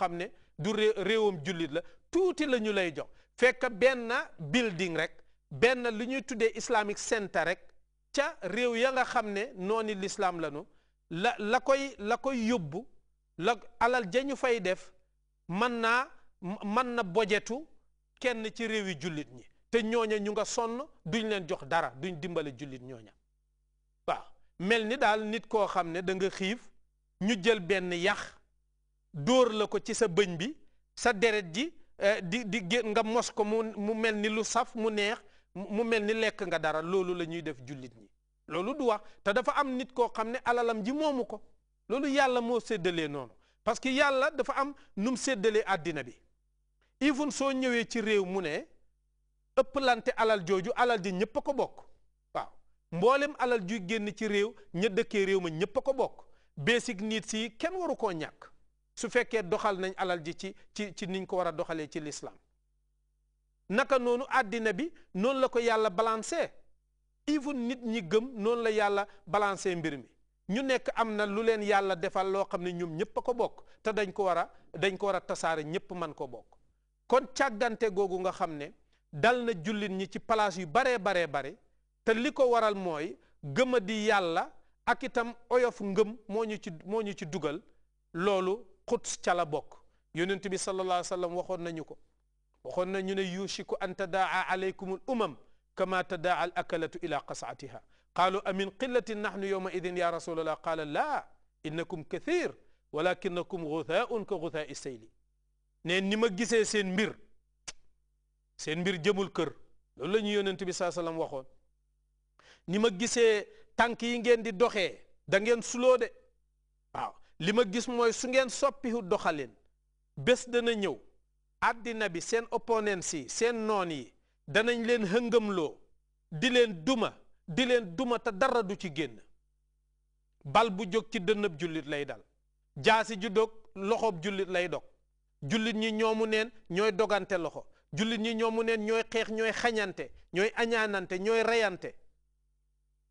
xam ne du réewum jullit la tuuti lañu lay jox fekk benn building rek benn lu ñuy tuddee islamic center rek ca réew ya nga xam ne nooni lislaam lanu la la koy la koy yóbbu la alal ja ñu fay def mën naa mën na bojetu kenn ci réew yi jullit ñi te ñooña ñu nga sonn duñ leen jox dara duñ dimbali jullit ñooña waaw mel ni daal nit koo xam ne danga xiif ñu jël benn yax dóor la ko ci sa bëñ bi sa deret ji eh, di di génn nga mos ko mu mu mel ni lu saf mu neex mu mel ni lekk nga dara loolu la ñuy def jullit ñi loolu du wax te dafa am nit koo xam ne alalam ji moomu ko loolu yàlla moo séddalee noonu parce que yàlla dafa am nu séddalee àddina bi even soo ñëwee ci réew mu ne ëpplante alal jooju alal ji ñëpp a ko bokk waaw mboolem alal juy génn ci réew ña dëkkee réew ma ñëpp a ko bokk basic niit si kenn waru koo ñàkk su fekkee doxal nañ alal ji ci ci ci niñ ko war a doxalee ci lislaam naka noonu àddina bi noonu la ko yàlla balancé even nit ñi gëm noonu la yàlla balancé mbir mi ñu nekk am na lu leen yàlla defal loo xam ne ñoom ñëpp a ko bokk te dañ ko war a dañ ko war a tasaare ñëpp man ko bokk kon càggante googu nga xam ne dal na jullit ñi ci palaas yu baree baree bare te li ko waral mooy gëma di yàlla ak itam oyof ngëm moo ñu ci moo ñu ci dugal loolu quds ca la bokk yonent bi sallallahu alayhi wa sallam waxoon nañu ko waxoon nañu ne yushiku an tadaa alaykumul umam kama tadaa al akalatu ila qasaatiha qaalu amin qillatin nahnu yowma idin ya rasulallah qaala laa innakum kathir walakinakum guthaun ka guthaai sayli ne ni ma gisee seen mbir seen mbir jëmul kër loolu la ñu yonent bi saa sallam waxoon ni ma gisee tànk yi ngeen di doxee da ngeen suloo de waaw li ma gis mooy su ngeen soppihu doxalin bés dana ñëw àddina bi seen opponents yi seen noon yi danañ leen hëngëmloo di leen duma di leen duma te dara du ci génn bal bu jóg ci dënnab jullit lay dal jaasi ju dog loxoob jullit lay dog jullit ñi ñoomu neen ñooy dogante loxo jullit ñi ñoomu neen ñooy xeex ñooy xañante ñooy añaanante ñooy reyante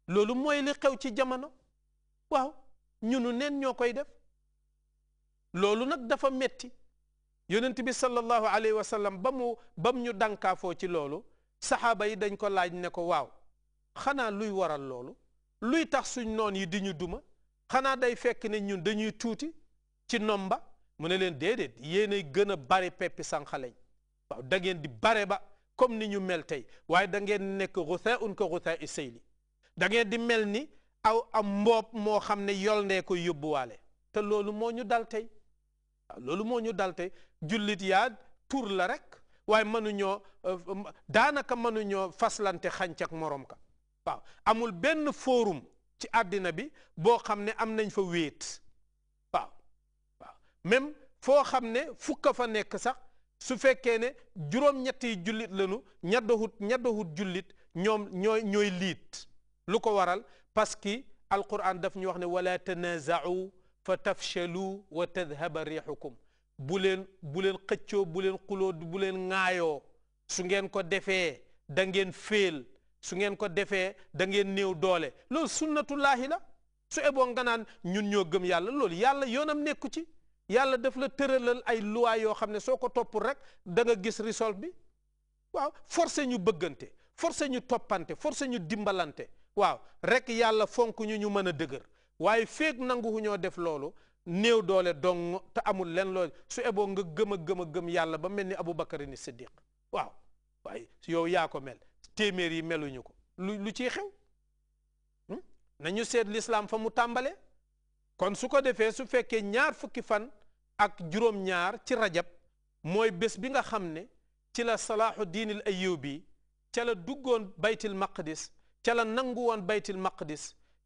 loolu mooy li xew ci jamono waaw ñunu neen ñoo koy def loolu nag dafa metti yonent bi sallallahu alayhi wa sallam ba mu bam ñu dànkaafoo ci loolu saxaaba yi dañ ko laaj ne ko waaw xanaa luy waral loolu luy tax suñ noon yi di ñu duma xanaa day fekk ne ñun dañuy tuuti ci nomba mu ne leen déedéet yéenay gën a bare peppi sànqaleñ waaw da di bare ba comme ni ñu mel tey waaye da ngeen nekk rutha'un ka rutha'i sayli da ngeen di mel ni aw am mboob moo xam ne yol nee koy yóbbuwaale te loolu moo ñu dal tey loolu moo ñu dal tey jullit yaa tur la rek waaye mënuñoo euh, daanaka mënuñoo faslante xànc moroom ka waaw amul benn forum ci àddina bi boo xam ne am nañ fa wéet waaw waaw foo xam ne fukka fa nekk sax su fekkee ne juróom-ñetti jullit lañu ña doxut jullit ñoom ñooy liit lu ko waral parce que alquran daf ñu wax ne wala tanazaau fa tafchalu wa tadhaba rixukum bu leen bu leen xëccoo bu leen xuloo bu leen ŋaayoo su ngeen ko defee da ngeen féel su ngeen ko defee dangeen ngeen néew doole loolu sunnatullaahi la su eboo nga naan ñun ñoo gëm yàlla loolu yàlla yoonam nekku ci yàlla daf la tëralal ay luwaay yoo xam ne soo ko toppul rek da nga gis résolve bi waaw forcé ñu bëggante forcé ñu toppante forcé ñu dimbalante waaw rekk yàlla fonk ñu ñu mën a dëgër waaye feeg nanguwu ñoo def loolu néew doole dong te amul leen loolu su eboo nga gëm a gëm a gëm yàlla ba mel ni abu ni Siddiq waaw waaye yow yaa ko mel téeméer yi meluñu ko lu lu ciy xew hmm? nañu seet lislaam fa mu tàmbale kon su ko defee su fekkee ñaar fukki fan ak juróom-ñaar ci rajab mooy bés bi nga xam ne ci la salaaxu diinil ayyubi ca la duggoon baytil maqdis ca la nangu woon baytil maqdis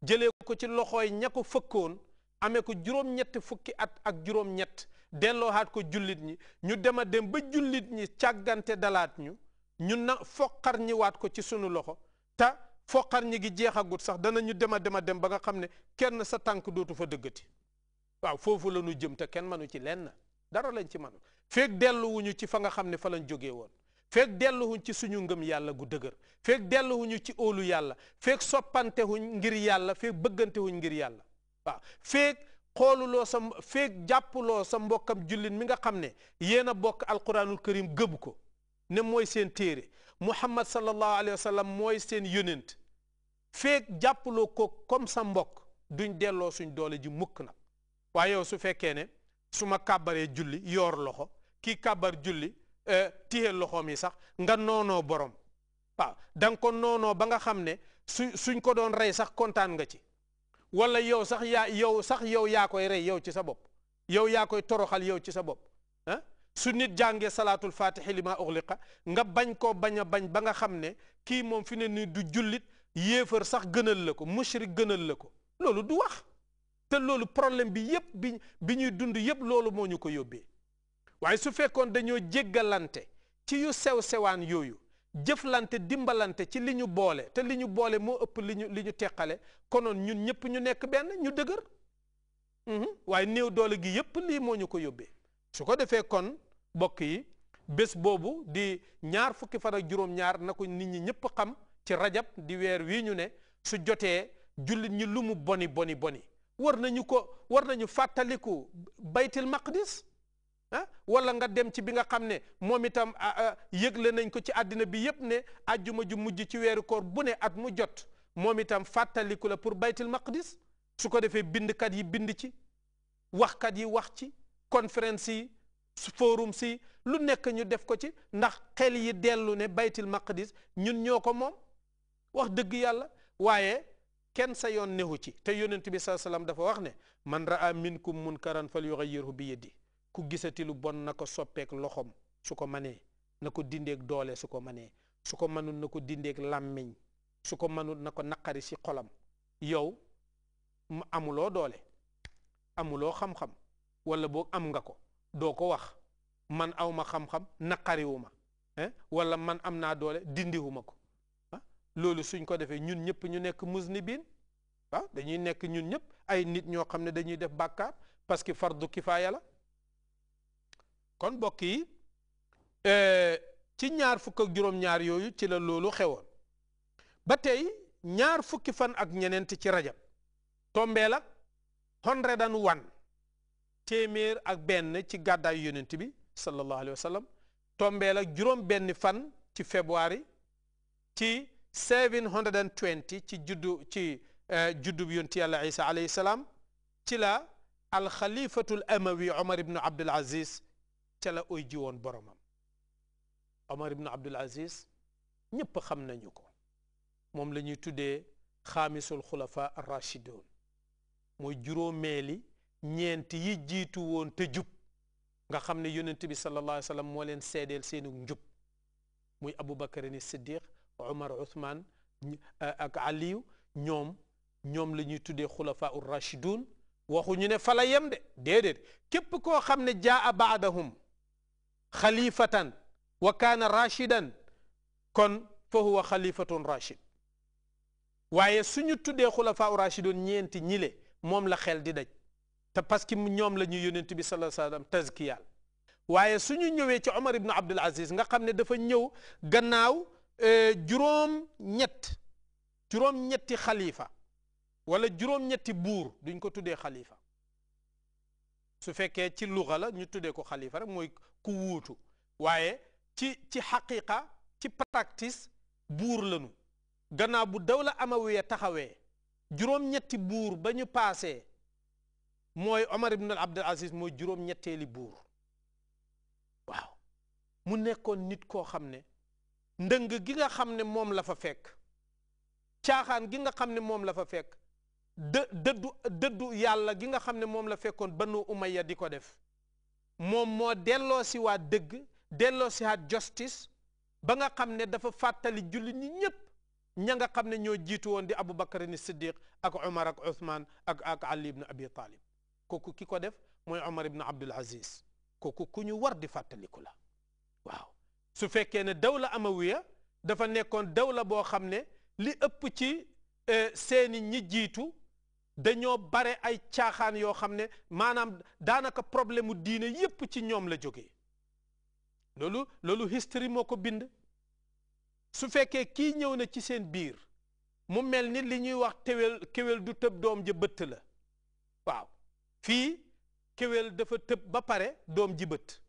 jëlee ko ci loxooy ña ko fëkkoon amee ko juróom-ñetti fukki at ak juróom-ñett delloohaat ko jullit ñi ñu dem a dem ba jullit ñi càggante dalaat ñu ñu na foqar ñi waat ko ci sunu loxo te foqar ñi gi jeexagut sax dana ñu dem a dem a dem ba nga xam ne kenn sa tànk dootu fa dëggati waaw foofu la ñu jëm te kenn mënu ci lenn dara lañ ci mënu feeg delluwuñu ci fa nga xam ne fa lañ jógee woon feeg delluwuñ ci suñu ngëm yàlla gu dëgër feeg delluwuñu ci óolu yàlla feeg soppantewuñ ngir yàlla feeg bëggantewuñ ngir yàlla waaw feeg xooluloo sa feeg jàppuloo sa mbokkam jullit mi nga xam ne yéen a bokk alquranul karim gëb ko ne mooy seen téere muhammad sallallahu alayhi wa sallam mooy seen yónent feeg jàppaloo ko comme sa mbokk duñ delloo suñ doole ji mukk nag waaye yow su fekkee ne su ma kàbbaree julli yoor loxo kii kàbbar julli Euh, téye loxoom yi sax nga noonoo borom waaw da nga ko noonoo ba nga xam ne su suñ ko doon rey sax kontaan nga ci wala yow sax yaa yow sax yow yaa koy rey yow ci sa bopp yow yaa koy toroxal yow ci sa bopp su nit jàngee salaatul faatixi li maa uxliqa nga bañ koo bañ a bañ ba nga xam ne kii moom fi ne ni du jullit yéefar sax gënal la ko mushrik gënal la ko loolu du wax te loolu problème bi yépp bi bi ñuy dund yépp loolu moo ñu ko yóbbee waaye su fekkoon dañoo jéggalante ci yu sew sewaan yooyu jëflante dimbalante ci li ñu boole te li ñu boole moo ëpp li ñu li ñu teqale konoon ñun ñëpp ñu nekk benn ñu dëgër mhm. waaye néew doole gi yëpp lii moo ñu ko yóbbee su ko defee kon mbokk yi bés boobu di ñaar fukki fan ak juróom-ñaar na ko nit ñi ñëpp xam ci rajab di weer wii ñu ne su jotee jullit ñi lu mu boni boni boni war nañu ko war nañu fàttaliku baytil maqdis wala nga dem ci bi nga xam ne moom itam ah, ah, yëgle nañ ko ci àddina bi yépp ne ajjuma ju mujj ci weeru koor bu ne at mu jot moom itam fàttaliku la pour baytil maqdis su ko defee bindkat yi bind ci waxkat yi wax ci conférence yi forum si lu nekk ñu def ko ci ndax xel yi dellu ne baytil maqdis ñun ñoo ko moom wax dëgg yàlla waaye kenn sa yoon nehu ci te yonent bi saa salaam dafa wax ne man raa mun karan fal yuxayirhu bi yeddi ku gisati lu bon na ko soppeek loxoom su ko manee na ko dindeeg doole su ko manee su ko mënul na ko dindeeg làmmiñ su ko mënul na ko naqari si xolam yow ma amuloo doole amuloo xam-xam wala boo am nga ko doo ko wax man awma ma xam-xam naqariwu ma wala man am naa doole dindiwuma ko ah, loolu suñ ko defee ñun ñëpp ñu nekk musnibiin waaw ah, dañuy nekk ñun ñëpp ay nit ñoo xam ne dañuy def bàkkaar parce que fardu kifaaya la kon mbokk yi e, ci ñaar fukk juróom-ñaar yooyu ci la loolu xewoon ba tey ñaar fukki fan ak ñeneent ci rajab tombeel ak hundred and téeméer ak benn ci gàddaayu yonent bi sallallahu alayhi wa sallam ak juróom benn fan ci février ci 720 ci juddu ci e, juddub yonti yàlla isa alayhi salaam ci la alxalifatul amawi omar ibnu abdul aziz ca la oy ji woon boromam Omar ibn Abdul Aziz ñépp xam nañu ko moom la ñuy tuddee xaamisul xulafa ar-rashidun mooy juróomeeli ñeent yi jiitu woon te jub nga xam ne yonent bi sallallahu alayhi wa moo leen seedeel seenu njub muy Aboubacar ni Siddiq Omar Ousmane eh, ak Aliou ñoom ñoom la ñuy tuddee xulafa ur-rashidun ñu ne fala la yem de déedéet képp koo xam ne jaa baadahum xalifatan wa kaana rachidan kon fa huwa xalifatun rachid waaye suñu tuddee xulafaa u rachidun ñeenti ñile moom la xel di daj te parce que ñoom la ñu yonent bi sallallahu alayhi wasallam tazkiyal waaye suñu ñëwee ci Omar ibn Abdul Aziz nga xam ne dafa ñëw gannaaw euh, juróom ñett juróom ñetti xalifa wala juróom ñetti buur duñ ko tuddee xalifa su fekkee ci luxa la ñu tuddee ko xalifa rek mooy ku wuutu waaye ci ci xaqiqa ci practice buur lanu gannaaw bu daw dawla amawiya taxawee juróom-ñetti buur ba ñu paasee mooy Omar ibn Abdul Aziz mooy juróom-ñetteeli buur waaw mu nekkoon nit koo xam ne ndëng gi nga xam ne moom la fa fekk caaxaan gi nga xam ne moom la fa fekk dë dëddu dëddu yàlla gi nga xam ne moom la fekkoon banu umayya di ko def moom moo delloo si dëgg delloo si waat justice ba nga xam ne dafa fàttali jullit ñi ñépp ña nga xam ne ñoo jiitu woon di abu bakar ni siddiq ak omar ak uthman ak ak ali ibn abi talib kooku ki ko def mooy omar ibn abdul aziz kooku ku ñu war di fàttaliku la waaw su fekkee ne daw dawla amawiya dafa nekkoon la boo xam ne li ëpp ci eh, seeni ñi jiitu dañoo bare ay caaxaan yoo xam ne maanaam daanaka problème mu diine yépp ci ñoom la jóge loolu loolu history moo ko bind su fekkee kii ñëw na ci seen biir mu mel ni li ñuy wax téwél kéwél du tëb doom ji bëtt la waaw fii kéwél dafa tëb ba pare doom ji bëtt